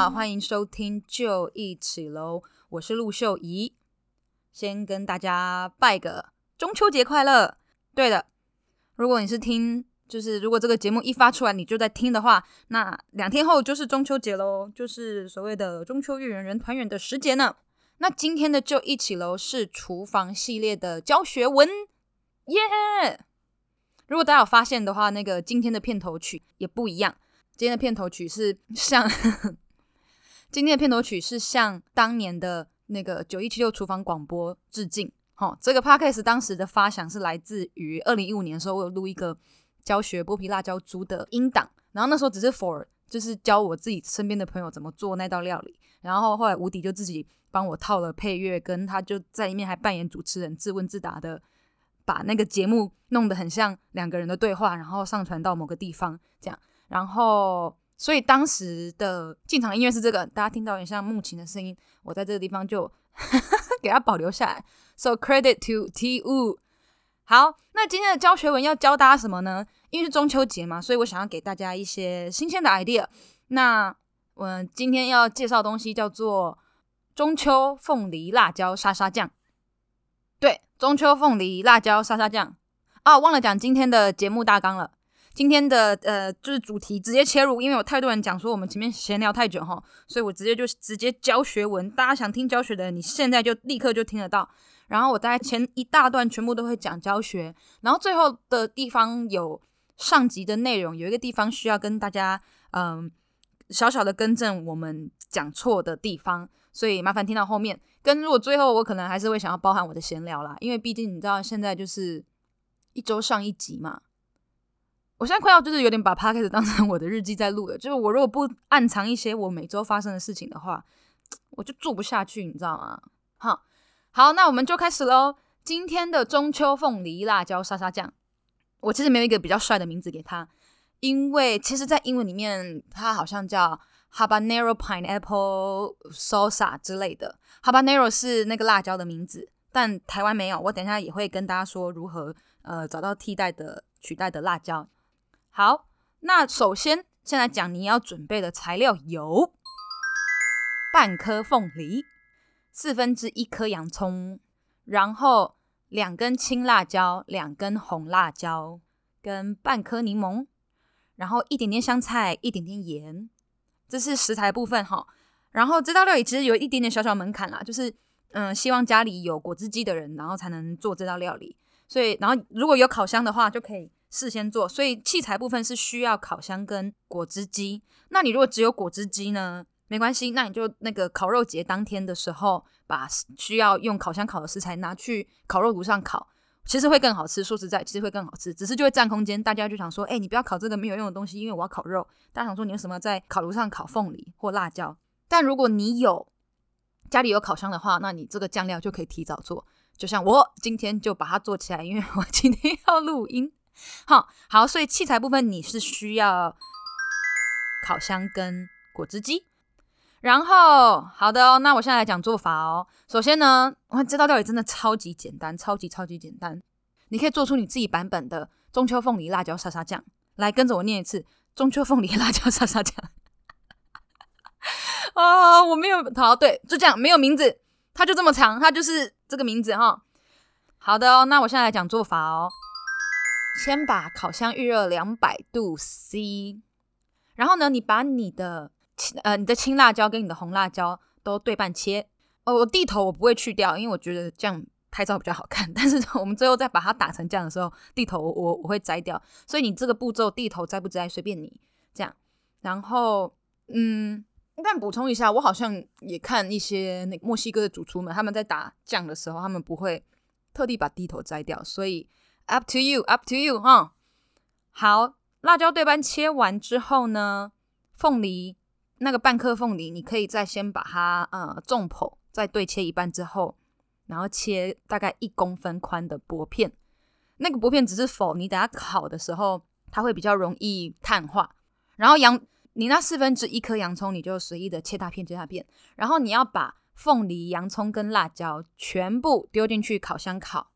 好，歡迎收聽《就一起嘍》，我是陸秀怡，先跟大家拜個中秋節快樂！對的，如果你是聽，就是如果這個節目一發出來你就在聽的話，那兩天後就是中秋節嘍，就是所謂的中秋月圓人，人團圓的時節呢。那今天的《就一起嘍》是廚房系列的教學文，耶、yeah!！如果大家有發現的話，那個今天的片頭曲也不一樣，今天的片頭曲是像。 今天的片頭曲是向當年的那個九一七六廚房廣播致敬。好、哦，這個 podcast 當時的發想是來自於二零一五年的時候，我有錄一個教學剝皮辣椒豬的音檔，然後那時候只是 for 就是教我自己身邊的朋友怎麼做那道料理。然後後來無敵就自己幫我套了配樂，跟他就在裡面還扮演主持人，自問自答的把那個節目弄得很像兩個人的對話，然後上傳到某個地方這樣。然後。所以當時的進場音樂是這個，大家聽到很像木琴的聲音，我在這個地方就哈哈哈，給它保留下來。So credit to TU。好，那今天的教學文要教大家什麼呢？因為是中秋節嘛，所以我想要給大家一些新鮮的 idea。那我今天要介紹的東西叫做中秋鳳梨辣椒沙沙醬。對，中秋鳳梨辣椒沙沙醬。啊、哦，忘了講今天的節目大綱了。今天的呃，就是主題直接切入，因為有太多人講說我們前面閒聊太久吼，所以我直接就直接教學文，大家想聽教學的，你現在就立刻就聽得到。然後我大概前一大段全部都會講教學，然後最後的地方有上集的內容，有一個地方需要跟大家嗯、呃、小小的更正我們講錯的地方，所以麻煩聽到後面。跟如果最後我可能還是會想要包含我的閒聊啦，因為畢竟你知道現在就是一週上一集嘛。我現在快要就是有點把 podcast 當成我的日記在錄了，就是我如果不暗藏一些我每周發生的事情的話，我就做不下去，你知道嗎？哈，好，那我們就開始嘍。今天的中秋鳳梨辣椒沙沙醬，我其實沒有一個比較帥的名字給它，因為其實在英文裡面它好像叫 Habanero Pineapple Salsa 之類的，Habanero 是那個辣椒的名字，但台灣沒有，我等一下也會跟大家說如何呃找到替代的取代的辣椒。好，那首先先來講你要準備的材料有半顆鳳梨，四分之一顆洋蔥，然後兩根青辣椒，兩根紅辣椒，跟半顆檸檬，然後一點點香菜，一點點鹽。這是食材部分哈、哦。然後這道料理其實有一點點小小門檻啦，就是嗯，希望家裡有果汁機的人，然後才能做這道料理。所以，然後如果有烤箱的話就可以，事先做，所以器材部分是需要烤箱跟果汁機。那你如果只有果汁機呢，沒關係，那你就那個烤肉節當天的時候，把需要用烤箱烤的食材拿去烤肉爐上烤，其實會更好吃。說實在，其實會更好吃，只是就會佔空間。大家就想說，哎、欸，你不要烤這個沒有用的東西，因為我要烤肉。大家想說，你有什麼在烤爐上烤鳳梨或辣椒？但如果你有家裡有烤箱的話，那你這個醬料就可以提早做。就像我今天就把它做起來，因為我今天要錄音。好、哦，好，所以器材部分你是需要烤箱跟果汁機，然後好的哦，那我現在來講做法哦。首先呢，我這道料理真的超級簡單，超級超級簡單，你可以做出你自己版本的中秋鳳梨辣椒沙沙醬。來，跟着我念一次：中秋鳳梨辣椒沙沙醬。 哦，我沒有好對，就這樣，沒有名字，它就這麼長，它就是這個名字哈、哦。好的哦，那我現在來講做法哦。先把烤箱預熱兩百度 C，然後呢，你把你的青呃你的青辣椒跟你的紅辣椒都對半切。哦，我蒂頭我不會去掉，因為我覺得這樣拍照比較好看。但是我們最後再把它打成醬的時候，蒂頭我我，我會摘掉。所以你這個步驟蒂頭摘不摘隨便你。這樣，然後嗯，但補充一下，我好像也看一些那墨西哥的主廚們，他們在打醬的時候，他們不會特地把蒂頭摘掉，所以。Up to you, up to you，啊、huh?，好，辣椒對半切完之後呢，鳳梨那個半顆鳳梨，你可以再先把它呃縱剖，再對切一半之後，然後切大概一公分寬的薄片，那個薄片只是否你等下烤的時候，它會比較容易碳化。然後洋，你那四分之一顆洋蔥，你就隨意的切大片切大片，然後你要把鳳梨、洋蔥跟辣椒全部丟進去烤箱烤。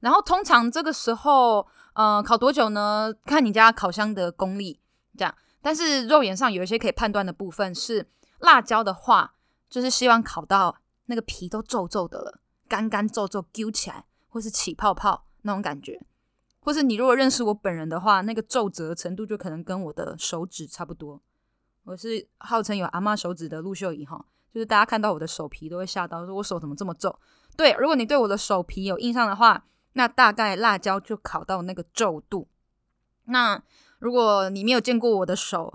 然後通常這個時候，呃，烤多久呢？看你家烤箱的功力這樣。但是肉眼上有一些可以判斷的部分是，辣椒的話，就是希望烤到那個皮都皺皺的了，乾乾皺皺揪起來，或是起泡泡那種感覺。或是你如果認識我本人的話，那個皺褶的程度就可能跟我的手指差不多。我是號稱有阿嬤手指的陸秀儀吼，就是大家看到我的手皮都會嚇到，說我手怎麼這麼皺？對，如果你對我的手皮有印象的話。那大概辣椒就烤到那個皺度。那如果你沒有見過我的手，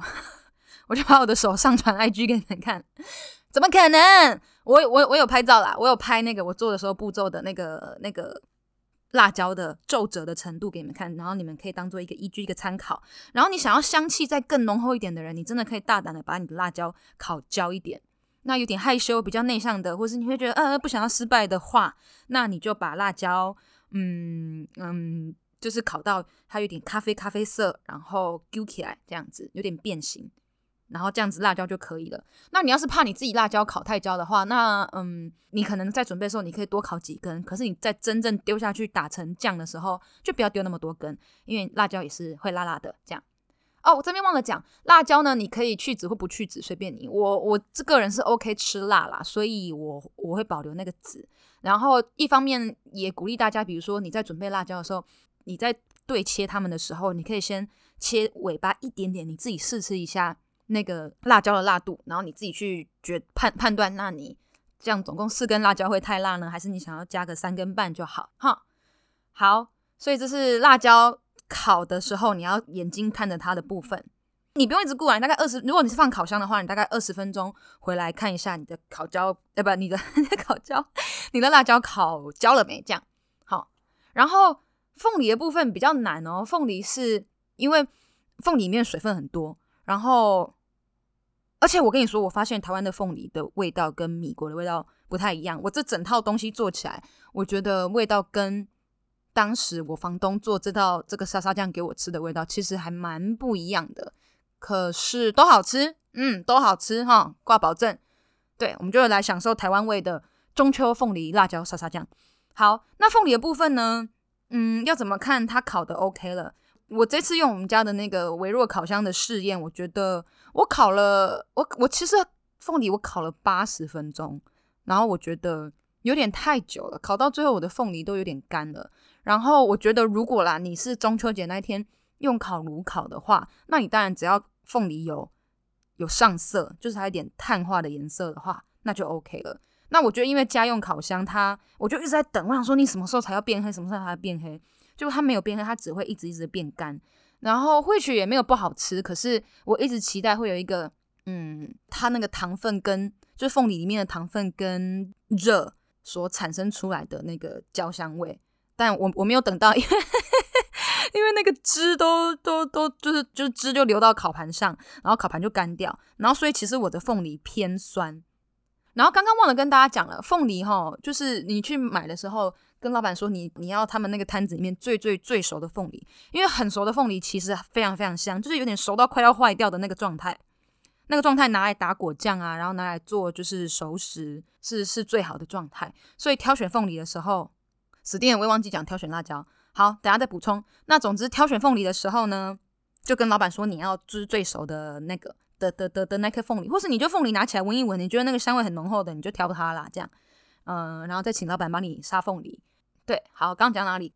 我就把我的手上傳 IG 給你們看。怎麼可能？我我我有拍照啦，我有拍那個我做的時候步驟的那個那個辣椒的皺褶的程度給你們看，然後你們可以當做一個依據一個參考。然後你想要香氣再更濃厚一點的人，你真的可以大膽的把你的辣椒烤焦一點。那有點害羞、比較內向的，或是你會覺得呃不想要失敗的話，那你就把辣椒，嗯嗯，就是烤到它有點咖啡咖啡色，然後丟起來這樣子，有點變形，然後這樣子辣椒就可以了。那你要是怕你自己辣椒烤太焦的話，那嗯，你可能在準備的時候，你可以多烤幾根，可是你在真正丟下去打成醬的時候，就不要丟那麼多根，因為辣椒也是會辣辣的這樣。哦，我這邊忘了講，辣椒呢，你可以去籽或不去籽，隨便你。我我這個人是 OK 吃辣啦，所以我我會保留那個籽。然後一方面也鼓勵大家，比如說你在準備辣椒的時候，你在對切它們的時候，你可以先切尾巴一點點，你自己試吃一下那個辣椒的辣度，然後你自己去覺判判斷，那你這樣總共四根辣椒會太辣呢，還是你想要加個三根半就好？哈，好，所以這是辣椒。烤的時候，你要眼睛看着它的部分，你不用一直顧完、啊，大概二十。如果你是放烤箱的話，你大概二十分鐘回來看一下你的烤焦，哎、欸，不，你的烤焦，你的辣椒烤焦了沒？這樣好。然後鳳梨的部分比較難哦，鳳梨是因為鳳梨裡面水分很多，然後而且我跟你說，我發現台灣的鳳梨的味道跟美國的味道不太一樣。我這整套東西做起來，我覺得味道跟。當時我房東做這道這個沙沙醬給我吃的味道，其實還蠻不一樣的。可是都好吃，嗯，都好吃齁，掛保證。對，我們就來享受台灣味的中秋鳳梨辣椒沙沙醬。好，那鳳梨的部分呢？嗯，要怎麼看？它烤得 OK 了。我這次用我們家的那個微弱烤箱的試驗，我覺得我烤了我我其實鳳梨我烤了八十分鐘，然後我覺得有點太久了，烤到最後我的鳳梨都有點乾了。然後我覺得，如果啦，你是中秋節那一天用烤爐烤的話，那你當然只要鳳梨有有上色，就是它有點碳化的顏色的話，那就 OK 了。那我覺得，因為家用烤箱它，它我就一直在等，我想說你什麼時候才要變黑？什麼時候才要變黑？就它沒有變黑，它只會一直一直變乾。然後或許也沒有不好吃，可是我一直期待會有一個嗯，它那個糖分跟就是鳳梨裡面的糖分跟熱所產生出來的那個焦香味。但我我沒有等到，因為呵呵因為那個汁都都都就是就汁就流到烤盤上，然後烤盤就乾掉，然後所以其實我的鳳梨偏酸。然後剛剛忘了跟大家講了，鳳梨齁，就是你去買的時候，跟老闆說你你要他們那個攤子裡面最最最最熟的鳳梨，因為很熟的鳳梨其實非常非常香，就是有點熟到快要壞掉的那個狀態，那個狀態拿來打果醬啊，然後拿來做就是熟食是是最好的狀態。所以挑選鳳梨的時候。死定了，我也忘記講挑選辣椒，好，等下再補充。那總之挑選鳳梨的時候呢，就跟老板說你要吃最熟的那個的的的的那顆鳳梨，或是你就鳳梨拿起來聞一聞，你覺得那個香味很濃厚的，你就挑它啦。這樣，嗯，然後再請老板幫你殺鳳梨。對，好，剛講哪裡？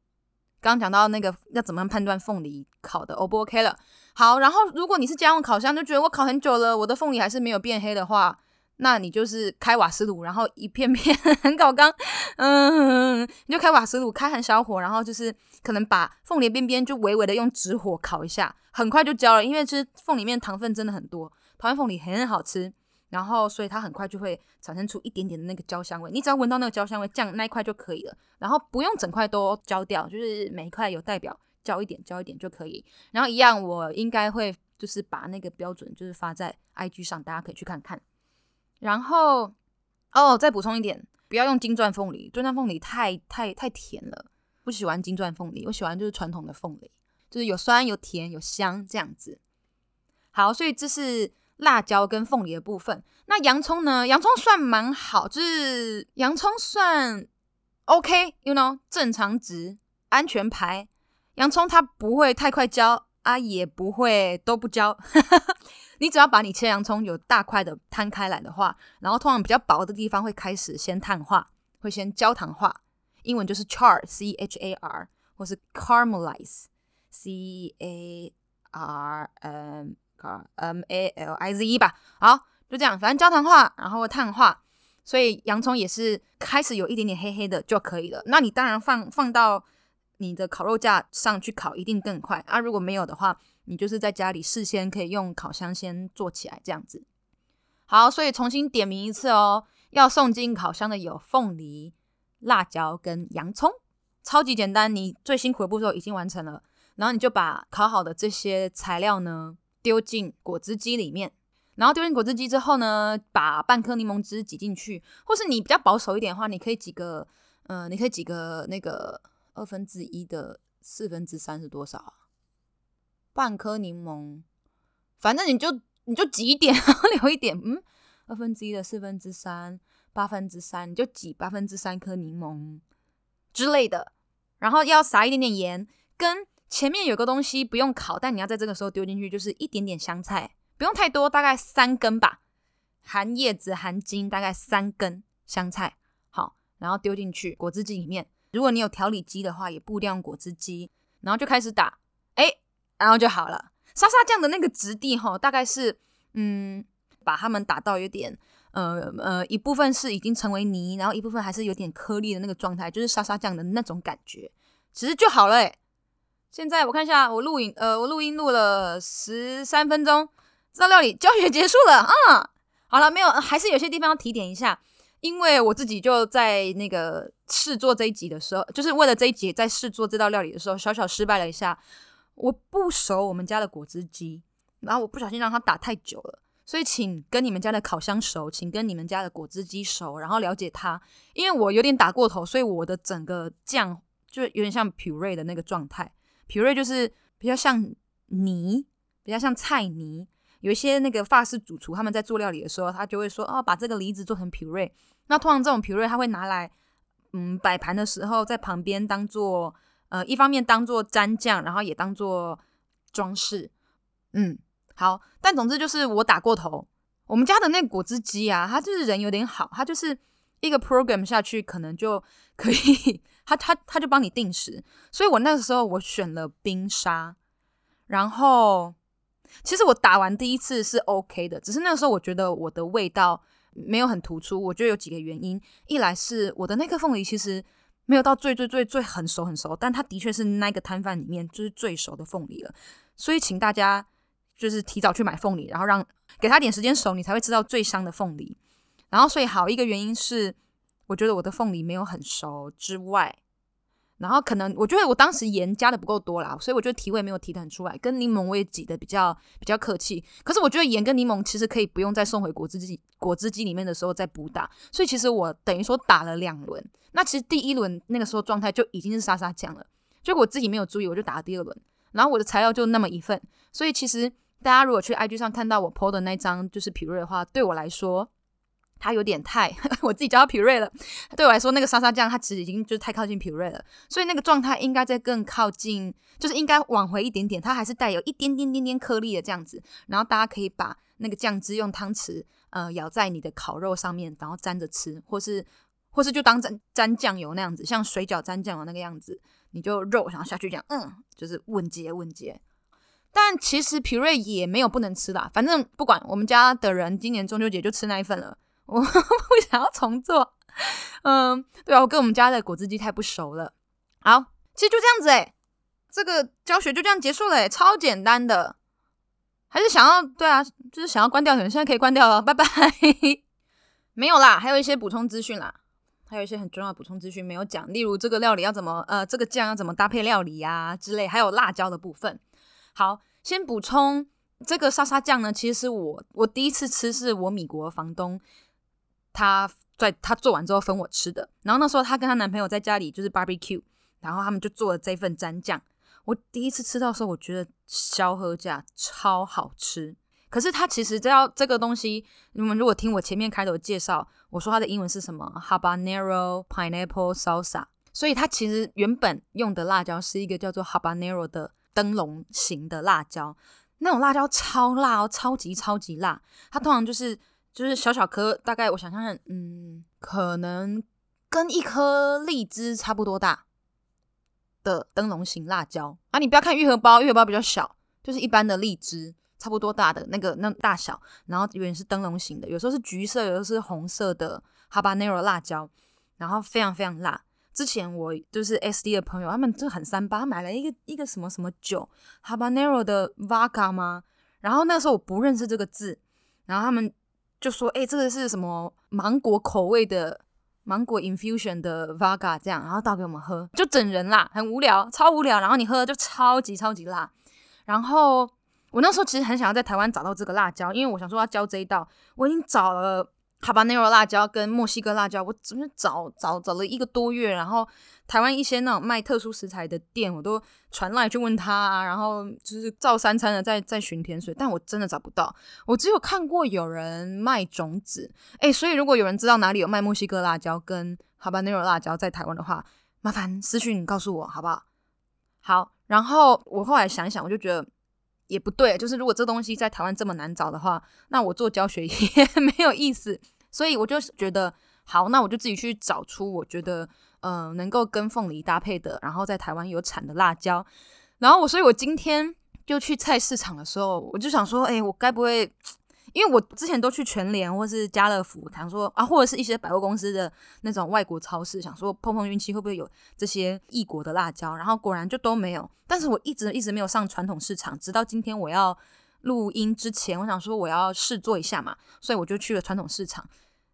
剛剛講到那個要怎麼樣判斷鳳梨烤的 O 不 OK 了。好，然後如果你是家用烤箱，就覺得我烤很久了，我的鳳梨還是沒有變黑的話。那你就是開瓦斯爐，然後一片片 很搞剛，嗯，你就開瓦斯爐，開很小火，然後就是可能把鳳梨邊邊就微微的用直火烤一下，很快就焦了，因為其實鳳梨裡面糖分真的很多，台灣鳳梨很好吃，然後所以它很快就會產生出一點點的那個焦香味，你只要聞到那個焦香味，醬那一塊就可以了，然後不用整塊都焦掉，就是每一塊有代表焦一點，焦一點就可以，然後一樣，我應該會就是把那個標準就是發在 IG 上，大家可以去看看。然後，哦，再補充一點，不要用金鑽鳳梨，金鑽鳳梨太太太甜了，不喜歡金鑽鳳梨，我喜歡就是傳統的鳳梨，就是有酸有甜有香這樣子。好，所以這是辣椒跟鳳梨的部分。那洋蔥呢？洋蔥算蠻好，就是洋蔥算 OK，you know，正常值，安全牌。洋蔥它不會太快焦。啊，也不會都不焦。 你只要把你切洋蔥有大塊的攤開來的話，然後通常比較薄的地方會開始先碳化，會先焦糖化，英文就是 char c h a r 或是 caramelize c a r 嗯 m a l i z e 吧。好，就這樣，反正焦糖化，然後碳化，所以洋蔥也是開始有一點點黑黑的就可以了。那你當然放放到。你的烤肉架上去烤一定更快啊！如果沒有的話，你就是在家裡事先可以用烤箱，先做起來這樣子。好，所以重新點名一次哦，要送進烤箱的有鳳梨、辣椒跟洋蔥，超級簡單。你最辛苦的步驟已經完成了，然後你就把烤好的這些材料呢丟進果汁機裡面，然後丟進果汁機之後呢，把半顆檸檬汁擠進去，或是你比較保守一點的話，你可以擠個呃，你可以擠個那個。二分之一的四分之三是多少啊？半顆檸檬，反正你就你就擠一點，然後留一點。嗯，二分之一的四分之三，八分之三，你就擠八分之三顆檸檬之類的，然後要撒一點點鹽，跟前面有個東西不用烤，但你要在這個時候丟進去，就是一點點香菜，不用太多，大概三根吧，含葉子含莖，大概三根香菜，好，然後丟進去果汁機裡面。如果你有調理機的話，也不一定用果汁機，然後就開始打，哎、欸，然後就好了。沙沙醬的那個質地齁，大概是嗯，把它們打到有點，呃呃，一部分是已經成為泥，然後一部分還是有點顆粒的那個狀態，就是沙沙醬的那種感覺，其實就好了、欸、現在我看一下我錄影，呃，我錄音錄了十三分鐘，這道料理教學結束了啊、嗯。好了，沒有，還是有些地方要提點一下。因為我自己就在那個試做這一集的時候，就是為了這一集在試做這道料理的時候，小小失敗了一下。我不熟我們家的果汁機，然後我不小心讓它打太久了，所以請跟你們家的烤箱熟，請跟你們家的果汁機熟，然後了解它。因為我有點打過頭，所以我的整個醬就有點像 puree 的那個狀態，puree 就是比較像泥，比較像菜泥。有一些那個法式主廚，他們在做料理的時候，他就會說：“哦，把這個梨子做成 puree。”那通常這種 puree，他會拿來嗯擺盤的時候，在旁邊當做呃一方面當做蘸醬，然後也當做裝飾。嗯，好。但總之就是我打過頭。我們家的那果汁機啊，它就是人有點好，它就是一個 program 下去，可能就可以，他他他就幫你定時。所以我那個時候我選了冰沙，然後。其實我打完第一次是 OK 的，只是那個時候我覺得我的味道沒有很突出。我覺得有幾個原因：一來是我的那顆鳳梨其實沒有到最最最最很熟很熟，但它的確是那個攤販裡面就是最熟的鳳梨了。所以請大家就是提早去買鳳梨，然後讓給他點時間熟，你才會吃到最香的鳳梨。然後所以好一個原因是，我覺得我的鳳梨沒有很熟之外。然後可能我覺得我當時鹽加的不夠多啦，所以我覺得提味沒有提得很出來。跟檸檬我也擠得比較比較客氣，可是我覺得鹽跟檸檬其實可以不用再送回果汁機果汁機裡面的時候再補打。所以其實我等於說打了兩輪，那其實第一輪那個時候狀態就已經是莎莎醬了，結果我自己沒有注意，我就打了第二輪。然後我的材料就那麼一份，所以其實大家如果去 IG 上看到我 PO 的那張就是皮瑞的話，對我來說。它有點太， 我自己叫到皮瑞了。對我來說，那個沙沙醬它其實已經就是太靠近皮瑞了，所以那個狀態應該再更靠近，就是應該往回一點點。它還是帶有一點點點點顆粒的這樣子。然後大家可以把那個醬汁用湯匙，呃，舀在你的烤肉上面，然後沾着吃，或是或是就當沾沾醬油那樣子，像水餃沾醬油那個樣子，你就肉然後下去這樣，嗯，就是穩接穩接。但其實皮瑞也沒有不能吃啦，反正不管我們家的人今年中秋節就吃那一份了。我不想要重做，嗯，對啊，我跟我們家的果汁機太不熟了。好，其實就這樣子哎，這個教學就這樣結束了哎，超簡單的。還是想要對啊，就是想要關掉，現在可以關掉了，拜拜。沒有啦，還有一些補充資訊啦，還有一些很重要的補充資訊沒有講，例如這個料理要怎麼，呃，這個醬要怎麼搭配料理啊之類，還有辣椒的部分。好，先補充這個莎莎醬呢，其實是我我第一次吃是我米國房東。他在她做完之後分我吃的，然後那時候他跟她男朋友在家裡就是 barbecue，然後他們就做了這份蘸醬。我第一次吃到的時候，我覺得小和家超好吃。可是它其實知道這個東西，你們如果聽我前面開頭的介紹，我說它的英文是什麼？habanero pineapple salsa。Pine 所以它其實原本用的辣椒是一個叫做 habanero 的燈籠型的辣椒，那種辣椒超辣哦，超級超級辣。它通常就是。就是小小顆，大概我想象，嗯，可能跟一顆荔枝差不多大的燈籠形辣椒啊。你不要看玉荷包，玉荷包比較小，就是一般的荔枝差不多大的那個那個大小，然後有點是燈籠形的，有時候是橘色，有時候是紅色的 habanero 辣椒，然後非常非常辣。之前我就是 SD 的朋友，他們就很三八買了一個一個什麼什麼酒 habanero 的 vaca 嗎？然後那時候我不認識這個字，然後他們。就說：“誒、欸、這個是什麼芒果口味的芒果 infusion 的 vaga 這樣，然後倒給我們喝，就整人啦，很無聊，超無聊。然後你喝就超級超級辣。然後我那時候其實很想要在台灣找到這個辣椒，因為我想說要教這一道，我已經找了。”哈巴諾辣椒跟墨西哥辣椒，我怎麼找找找了一個多月，然後台灣一些那種賣特殊食材的店，我都傳來去問他，啊，然後就是照三餐的在在尋甜水，但我真的找不到，我只有看過有人賣種子，哎，所以如果有人知道哪裡有賣墨西哥辣椒跟哈巴諾辣椒在台灣的話，麻煩私訊你告訴我好不好？好，然後我後來想想，我就覺得。也不對，就是如果這東西在台灣這麼難找的話，那我做教學也沒有意思，所以我就覺得好，那我就自己去找出我覺得嗯、呃、能夠跟鳳梨搭配的，然後在台灣有產的辣椒，然後我所以，我今天就去菜市場的時候，我就想說，誒、欸，我該不會。因為我之前都去全聯或是家樂福，講說啊，或者是一些百貨公司的那種外國超市，想說碰碰運氣會不會有這些異國的辣椒，然後果然就都沒有。但是我一直一直沒有上傳統市場，直到今天我要錄音之前，我想說我要試做一下嘛，所以我就去了傳統市場。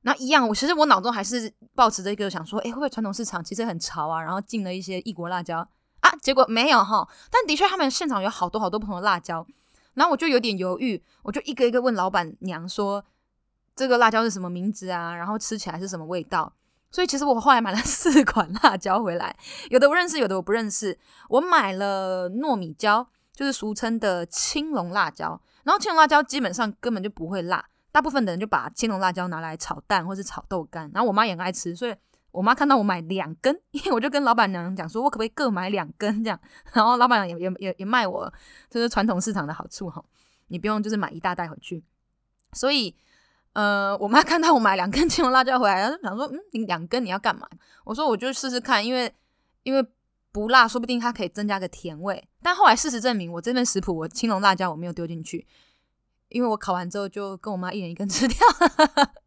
那一樣，我其實我腦中還是抱持著一個想說，哎，會不會傳統市場其實很潮啊？然後進了一些異國辣椒啊，結果沒有哈。但的確，他們現場有好多好多不同的辣椒。然後我就有點猶豫，我就一個一個問老闆娘說：“這個辣椒是什麼名字啊？然後吃起來是什麼味道？”所以其實我後來買了四款辣椒回來，有的我認識，有的我不認識。我買了糯米椒，就是俗稱的青龍辣椒。然後青龍辣椒基本上根本就不會辣，大部分的人就把青龍辣椒拿來炒蛋或是炒豆乾。然後我媽也很愛吃，所以。我媽看到我買兩根，因為我就跟老板娘講說，我可不可以各買兩根這樣？然後老板娘也也也也賣我，就是傳統市場的好處哈，你不用就是買一大袋回去。所以，呃，我媽看到我買兩根青龍辣椒回來，她就想說，嗯，你兩根你要幹嘛？我說我就試試看，因為因為不辣，說不定它可以增加個甜味。但後來事實證明，我這份食譜我青龍辣椒我沒有丟進去，因為我烤完之後就跟我媽一人一根吃掉。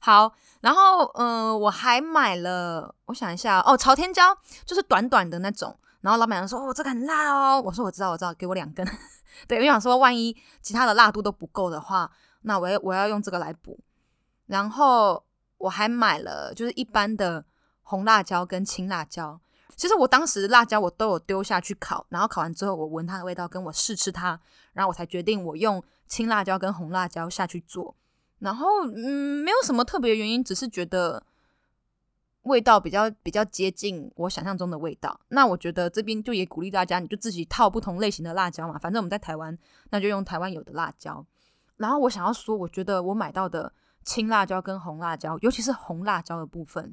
好，然後，嗯、呃，我還買了，我想一下，哦，朝天椒就是短短的那種。然後老闆娘說：“哦，這個很辣哦。”我說：“我知道，我知道，給我兩根。”對，我想說，萬一其他的辣度都不夠的話，那我要我要用這個來補。然後我還買了就是一般的紅辣椒跟青辣椒。其實我當時辣椒我都有丟下去烤，然後烤完之後我聞它的味道，跟我試吃它，然後我才決定我用青辣椒跟紅辣椒下去做。然後，嗯，沒有什麼特別的原因，只是覺得味道比較比較接近我想象中的味道。那我覺得這邊就也鼓勵大家，你就自己套不同類型的辣椒嘛。反正我們在台灣，那就用台灣有的辣椒。然後我想要說，我覺得我買到的青辣椒跟紅辣椒，尤其是紅辣椒的部分，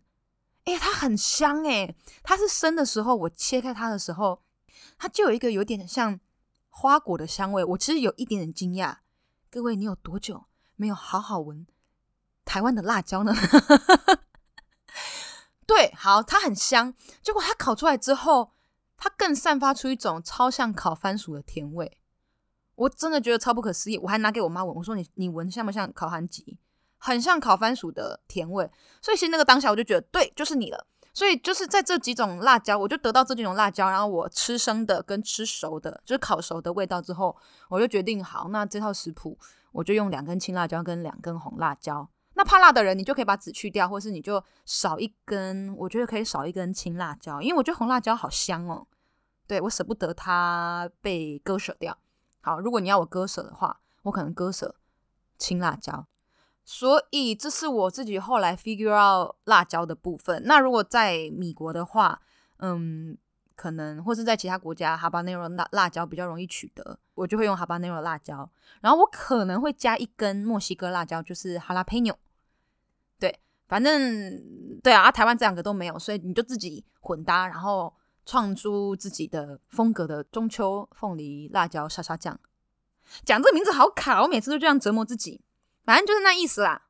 哎，它很香哎！它是生的時候，我切開它的時候，它就有一個有點像花果的香味。我其實有一點點驚訝，各位，你有多久沒有好好聞台灣的辣椒呢？ 對，好，它很香。結果它烤出來之後，它更散發出一種超像烤番薯的甜味。我真的覺得超不可思議。我還拿給我媽聞，我說你：“你你聞像不像烤韓籍？很像烤番薯的甜味。”所以，其實那個當下我就覺得，對，就是你了。所以，就是在這幾種辣椒，我就得到這幾種辣椒，然後我吃生的跟吃熟的，就是烤熟的味道之後，我就決定好，那這套食譜。我就用兩根青辣椒跟兩根紅辣椒，那怕辣的人，你就可以把籽去掉，或是你就少一根。我覺得可以少一根青辣椒，因為我覺得紅辣椒好香哦。對，我捨不得它被割捨掉。好，如果你要我割捨的話，我可能割捨青辣椒。所以這是我自己後來 figure out 辣椒的部分。那如果在米國的話，嗯。可能或是在其他國家，哈巴內羅辣辣椒比較容易取得，我就會用哈巴內羅辣椒，然後我可能會加一根墨西哥辣椒，就是哈拉佩紐，對，反正對啊，台灣這兩個都沒有，所以你就自己混搭，然後創出自己的風格的中秋鳳梨辣椒莎莎醬。講這個名字好卡，我每次都這樣折磨自己，反正就是那意思啦。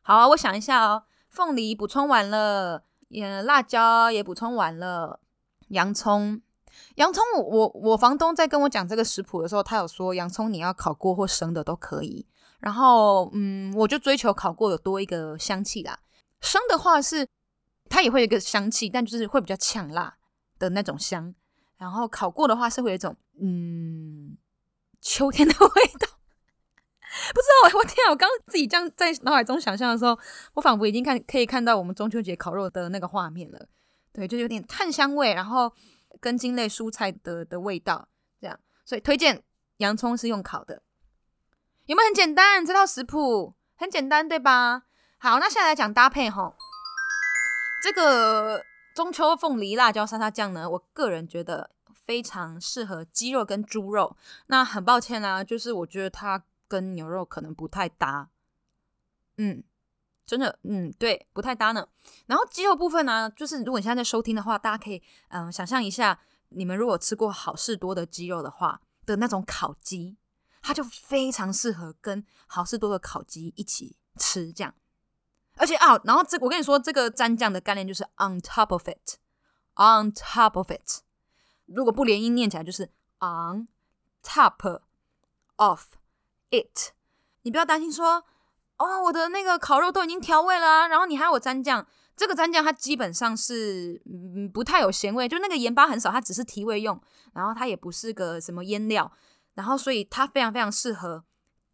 好啊，我想一下哦，鳳梨補充完了，也辣椒也補充完了。洋蔥，洋蔥我，我我我房東在跟我講這個食譜的時候，他有說洋蔥你要烤過或生的都可以。然後，嗯，我就追求烤過有多一個香氣啦。生的話是它也會有一個香氣，但就是會比較嗆辣的那種香。然後烤過的話是會有一種嗯秋天的味道。 不知道我，我天啊！我剛剛自己這樣在腦海中想象的時候，我仿佛已經看可以看到我們中秋節烤肉的那個畫面了。對，就有點炭香味，然後根莖類蔬菜的的味道，這樣，所以推薦洋蔥是用烤的，有沒有很簡單？這套食譜很簡單，對吧？好，那現在來講搭配吼， 這個中秋鳳梨辣椒沙沙醬，醬呢，我個人覺得非常適合雞肉跟豬肉，那很抱歉啦、啊，就是我覺得它跟牛肉可能不太搭，嗯。真的，嗯，對，不太搭呢。然後雞肉部分呢、啊，就是如果你現在在收聽的話，大家可以，嗯、呃，想象一下，你們如果吃過好事多的雞肉的話的那種烤雞，它就非常適合跟好事多的烤雞一起吃這樣。而且啊，然後這個、我跟你說，這個蘸醬的概念就是 on top of it，on top of it，如果不連音念起來就是 on top of it，你不要擔心說。哦，我的那個烤肉都已經調味了啊，然後你還有我蘸醬？這個蘸醬它基本上是不太有鹹味，就那個鹽巴很少，它只是提味用，然後它也不是個什麼醃料，然後所以它非常非常適合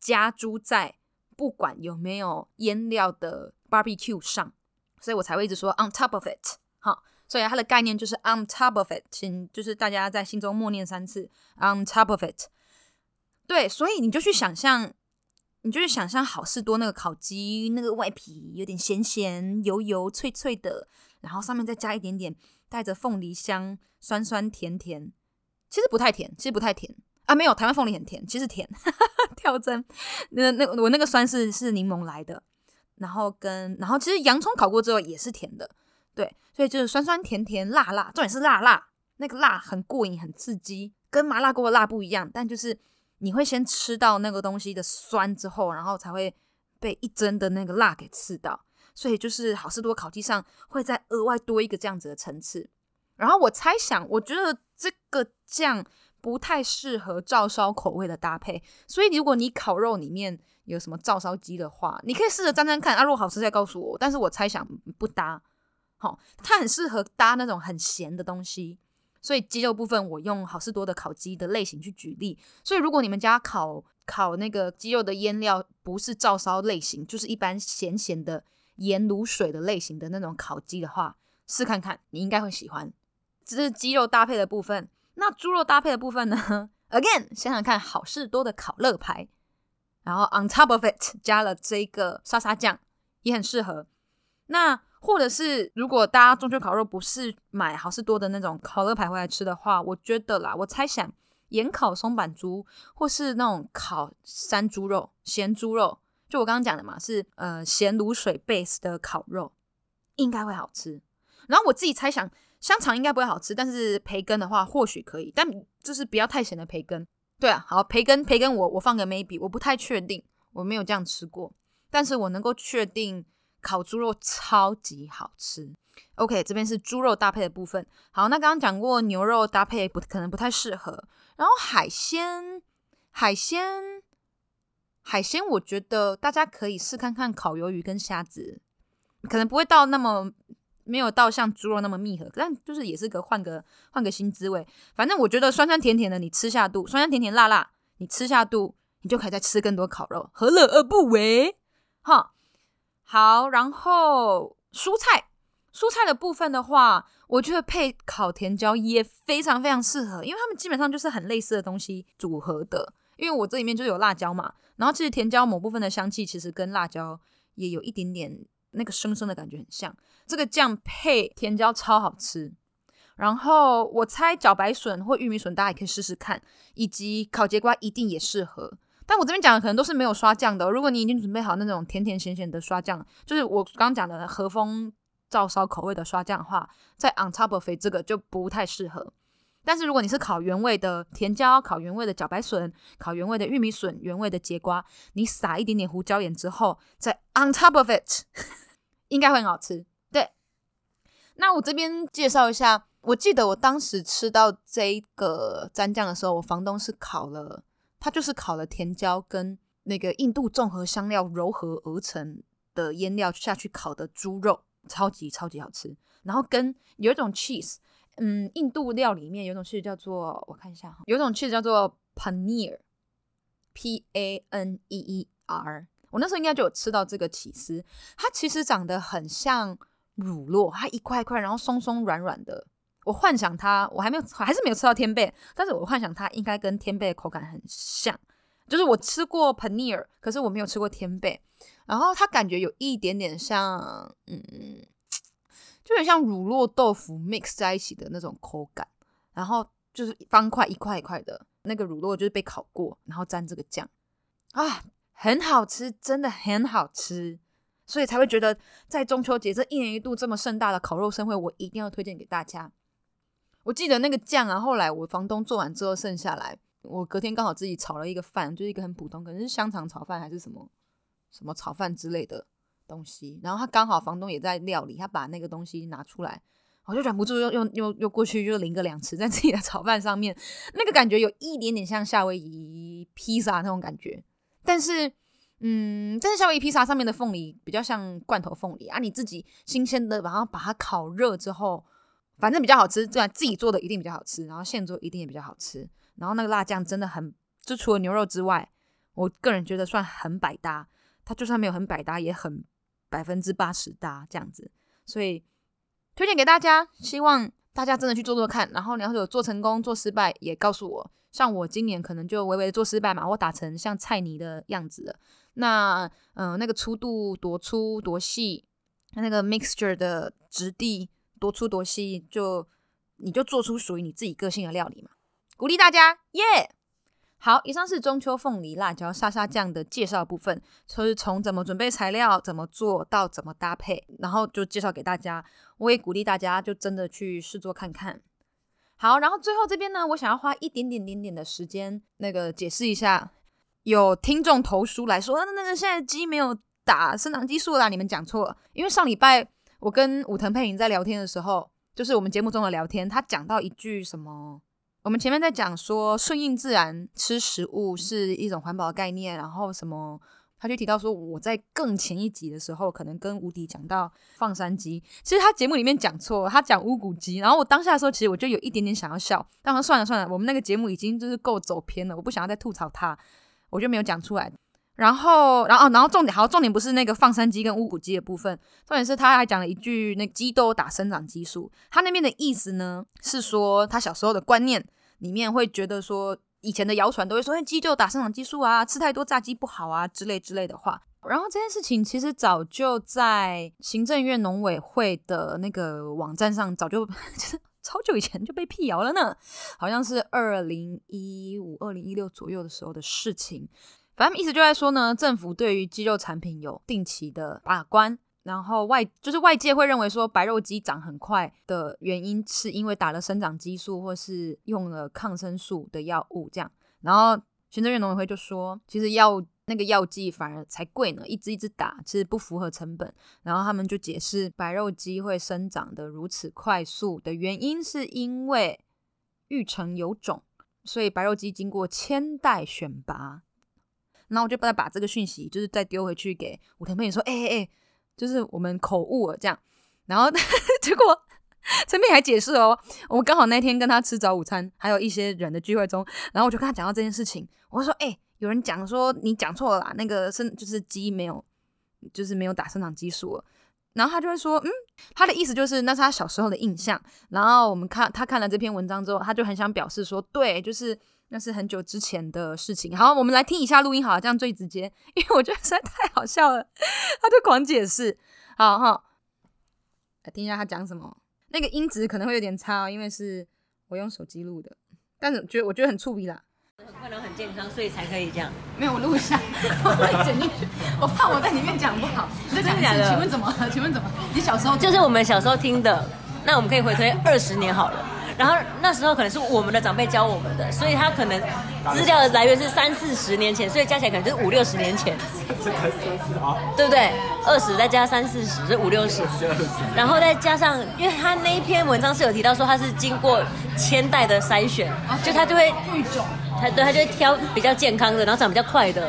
加諸在不管有沒有醃料的 barbecue 上，所以我才會一直說 on top of it，好，所以它的概念就是 on top of it，請就是大家在心中默念三次 on top of it，對，所以你就去想象你就是想象，好事多那個烤雞，那個外皮有點鹹鹹、油油、脆脆的，然後上面再加一點點帶着鳳梨香、酸酸甜甜。其實不太甜，其實不太甜啊，沒有台灣鳳梨很甜，其實甜。哈 哈，跳針，那那我那個酸是是檸檬來的，然後跟然後其實洋蔥烤過之後也是甜的，對，所以就是酸酸甜甜、辣辣，重點是辣辣，那個辣很過癮、很刺激，跟麻辣鍋的辣不一樣，但就是。你會先吃到那個東西的酸之後，然後才會被一針的那個辣給刺到，所以就是好市多烤雞上會再額外多一個這樣子的層次。然後我猜想，我覺得這個醬不太適合照燒口味的搭配，所以如果你烤肉裡面有什麼照燒雞的話，你可以試着沾沾看啊。如果好吃再告訴我，但是我猜想不搭，好、哦，它很適合搭那種很鹹的東西。所以雞肉部分，我用好事多的烤雞的類型去舉例。所以如果你們家烤烤那個雞肉的醃料不是照燒類型，就是一般鹹鹹的鹽滷水的類型的那種烤雞的話，試看看，你應該會喜歡。這是雞肉搭配的部分。那豬肉搭配的部分呢？Again，想想看好事多的烤肋排，然後 on top of it 加了這個莎莎醬，也很適合。那或者是如果大家中秋烤肉不是買好市多的那種烤肉排回來吃的話，我覺得啦，我猜想鹽烤松板豬或是那種烤山豬肉、鹹豬肉，就我剛剛講的嘛，是呃鹹滷水 base 的烤肉，應該會好吃。然後我自己猜想香腸應該不會好吃，但是培根的話或許可以，但就是不要太鹹的培根。對啊，好，培根培根我我放個 maybe，我不太確定，我沒有這樣吃過，但是我能夠確定。烤豬肉超級好吃。OK，這邊是豬肉搭配的部分。好，那剛剛講過牛肉搭配不可能，不太適合，然後海鮮，海鮮，海鮮，我覺得大家可以試看看烤魷魚跟蝦子，可能不會到那麼沒有到像豬肉那麼密合，但就是也是個換個換個新滋味。反正我覺得酸酸甜甜的，你吃下肚，酸酸甜甜辣辣，你吃下肚，你就可以再吃更多烤肉，何樂而不為？哈。好，然後蔬菜，蔬菜的部分的話，我覺得配烤甜椒也非常非常適合，因為它們基本上就是很類似的東西組合的。因為我這裡面就有辣椒嘛，然後其實甜椒某部分的香氣其實跟辣椒也有一點點那個生生的感覺很像。這個醬配甜椒超好吃，然後我猜茭白筍或玉米筍大家也可以試試看，以及烤節瓜一定也適合。但我這邊講的可能都是沒有刷醬的哦。如果你已經準備好那種甜甜鹹鹹的刷醬，就是我剛剛講的和風照燒口味的刷醬的話，在 on top of it 這個就不太適合。但是如果你是烤原味的甜椒、烤原味的茭白筍、烤原味的玉米筍、原味的櫛瓜，你撒一點點胡椒鹽之後，在 on top of it 呵呵應該會很好吃。對。那我這邊介紹一下，我記得我當時吃到這個蘸醬的時候，我房東是烤了。它就是烤了甜椒跟那個印度綜合香料揉合而成的醃料下去烤的豬肉，超級超級好吃。然後跟有一種 cheese，嗯，印度料裡面有一種 cheese 叫做，我看一下哈，有一種 cheese 叫做 Paneer，p a n e e r。我那時候應該就有吃到這個起司，它其實長得很像乳酪，它一塊一塊，然後鬆松軟軟的。我幻想它，我還沒有，還是沒有吃到天貝，但是我幻想它應該跟天貝的口感很像，就是我吃過 Paneer，可是我沒有吃過天貝，然後它感覺有一點點像，嗯，就很像乳酪豆腐 mix 在一起的那種口感，然後就是方塊一塊一塊的，那個乳酪就是被烤過，然後沾這個醬，啊，很好吃，真的很好吃，所以才會覺得在中秋節這一年一度這麼盛大的烤肉盛會，我一定要推薦給大家。我記得那個醬啊，後來我房東做完之後剩下來，我隔天剛好自己炒了一個飯，就是一個很普通，可能是香腸炒飯還是什麼什麼炒飯之類的東西。然後他剛好房東也在料理，他把那個東西拿出來，我、哦、就忍不住又又又又過去，就淋個兩匙在自己的炒飯上面。那個感覺有一點點像夏威夷披薩那種感覺，但是嗯，但是夏威夷披薩上面的鳳梨比較像罐頭鳳梨啊，你自己新鮮的，然後把它烤熱之後。反正比較好吃，算自，自己做的一定比較好吃，然後現做一定也比較好吃。然後那個辣醬真的很，就除了牛肉之外，我個人覺得算很百搭。它就算沒有很百搭，也很百分之八十搭這樣子，所以推薦給大家，希望大家真的去做做看。然後你要是有做成功、做失敗，也告訴我。像我今年可能就微微做失敗嘛，我打成像菜泥的樣子了。那嗯、呃，那個粗度多粗多細，它那個 mixture 的質地。多粗多細，就你就做出屬於你自己個性的料理嘛！鼓勵大家，耶、yeah!！好，以上是中秋鳳梨辣椒莎莎醬的介紹部分，就是從怎麼準備材料、怎麼做到怎麼搭配，然後就介紹給大家。我也鼓勵大家，就真的去試做看看。好，然後最後這邊呢，我想要花一點點點點的時間，那個解釋一下，有聽眾投書來說，那那那，那現在雞沒有打生長激素啦、啊，你們講錯了，因為上禮拜。我跟武藤配音在聊天的時候，就是我們節目中的聊天，他講到一句什麼，我們前面在講說順應自然吃食物是一種環保的概念，然後什麼，他就提到說我在更前一集的時候，可能跟吳迪講到放山雞，其實他節目裡面講錯，他講烏骨雞，然後我當下的時候，其實我就有一點點想要笑，但好像算了算了，我們那個節目已經就是夠走偏了，我不想要再吐槽他，我就沒有講出來。然後，然後，哦、然後重點好，重點不是那個放山雞跟烏骨雞的部分，重點是他還講了一句，那雞都有打生長激素。他那邊的意思呢，是說他小時候的觀念裡面會覺得說，以前的謠傳都會說，哎，雞都打生長激素啊，吃太多炸雞不好啊之類之類的話。然後這件事情其實早就在行政院農委會的那個網站上，早就就是超久以前就被闢謠了呢，好像是二零一五、二零一六左右的時候的事情。反正意思就在說呢，政府對於雞肉產品有定期的把關，然後外就是外界會認為說，白肉雞長很快的原因是因為打了生長激素或是用了抗生素的藥物這樣，然後行政院農委會就說，其實藥那個藥劑反而才貴呢，一支一支打其實不符合成本，然後他們就解釋白肉雞會生長得如此快速的原因是因為育成有種，所以白肉雞經過千代選拔。然後我就再把這個訊息，就是再丟回去給我的朋友說，哎、欸、哎、欸、就是我們口誤了這樣。然後呵呵結果陳品還解釋哦，我剛好那天跟他吃早午餐，還有一些人的聚會中，然後我就跟他講到這件事情。我說，哎、欸，有人講說你講錯了啦，那個生就是雞沒有，就是沒有打生長激素。然後他就會說，嗯，他的意思就是那是他小時候的印象。然後我們看他看了這篇文章之後，他就很想表示說，對，就是。那是很久之前的事情。好，我們來聽一下錄音，好，這樣最直接，因為我覺得實在太好笑了， 他就狂解釋。好好聽一下他講什麼。那個音質可能會有點差，因為是我用手機錄的，但是覺得我覺得很觸鼻啦。很快樂、很健康，所以才可以這樣。沒有，我錄一下， 我會剪進去，我怕我在裡面講不好。 真的假的？請問怎麼了？請問怎麼？你小時候 就是我們小時候聽的，那我們可以回推二十年好了。 然後那時候可能是我們的長輩教我們的，所以他可能資料的來源是三四十年前，所以加起來可能就是五六十年前。 對不對？二十再加三四十，是五六十。 然後再加上，因為他那一篇文章是有提到說他是經過千代的篩選，就他就會他對他就會挑比較健康的，然後長比較快的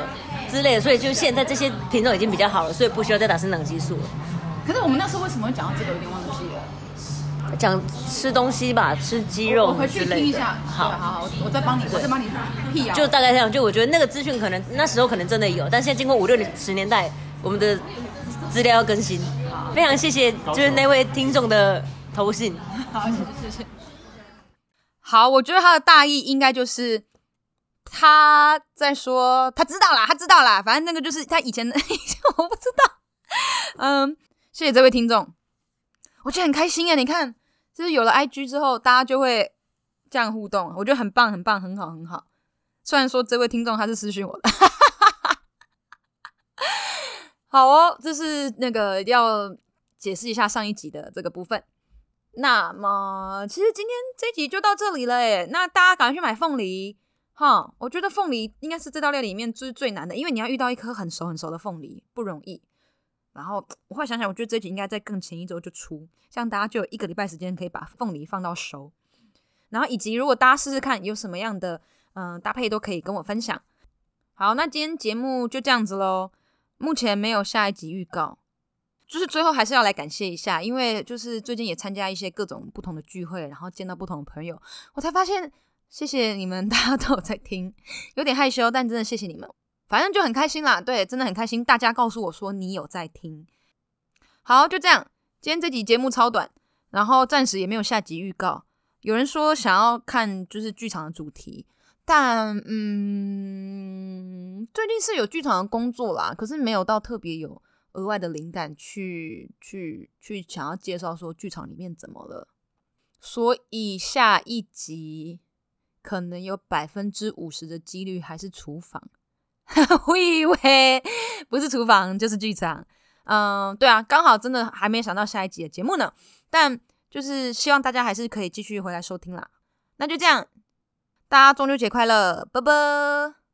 之類的，所以就現在這些品種已經比較好了，所以不需要再打生長激素了。可是我們那時候為什麼會講到這個？有點忘記講吃東西吧，吃雞肉之類的。哦、好，好，好，我再幫你，我再幫你問。就大概這樣。就我覺得那個資訊可能那時候可能真的有，但現在經過五六十年代，我們的資料要更新。非常謝謝，就是那位聽眾的投信。好，謝謝。 好，我覺得他的大意應該就是他在說，他知道了，他知道了。反正那個就是他以前的，以 前我不知道。嗯，謝謝這位聽眾，我覺得很開心啊，你看。就是有了 IG 之後，大家就會這樣互動，我覺得很棒、很棒、很好、很好。雖然說這位聽眾他是私訊我的， 好哦，這是那個要解釋一下上一集的這個部分。那麼，其實今天這集就到這裡了，耶，那大家趕快去買鳳梨哈！我覺得鳳梨應該是這道料理裡面就是最難的，因為你要遇到一顆很熟很熟的鳳梨不容易。然後我後來想想，我覺得這集應該在更前一周就出，這樣大家就有一個禮拜時間可以把鳳梨放到熟。然後以及如果大家試試看有什麼樣的嗯搭配，都可以跟我分享。好，那今天節目就這樣子嘍。目前沒有下一集預告，就是最後還是要來感謝一下，因為就是最近也參加一些各種不同的聚會，然後見到不同的朋友，我才發現，謝謝你們大家都有在聽，有點害羞，但真的謝謝你們。反正就很開心啦，對，真的很開心。大家告訴我說你有在聽，好，就這樣。今天這集節目超短，然後暫時也沒有下集預告。有人說想要看就是劇場的主題，但嗯，最近是有劇場的工作啦，可是沒有到特別有額外的靈感去去去想要介紹說劇場裡面怎麼了，所以下一集可能有百分之五十的幾率還是廚房。 我以為不是廚房就是劇場，嗯，對啊，剛好真的還沒想到下一集的節目呢，但就是希望大家還是可以繼續回來收聽啦。那就這樣，大家中秋節快樂，拜拜。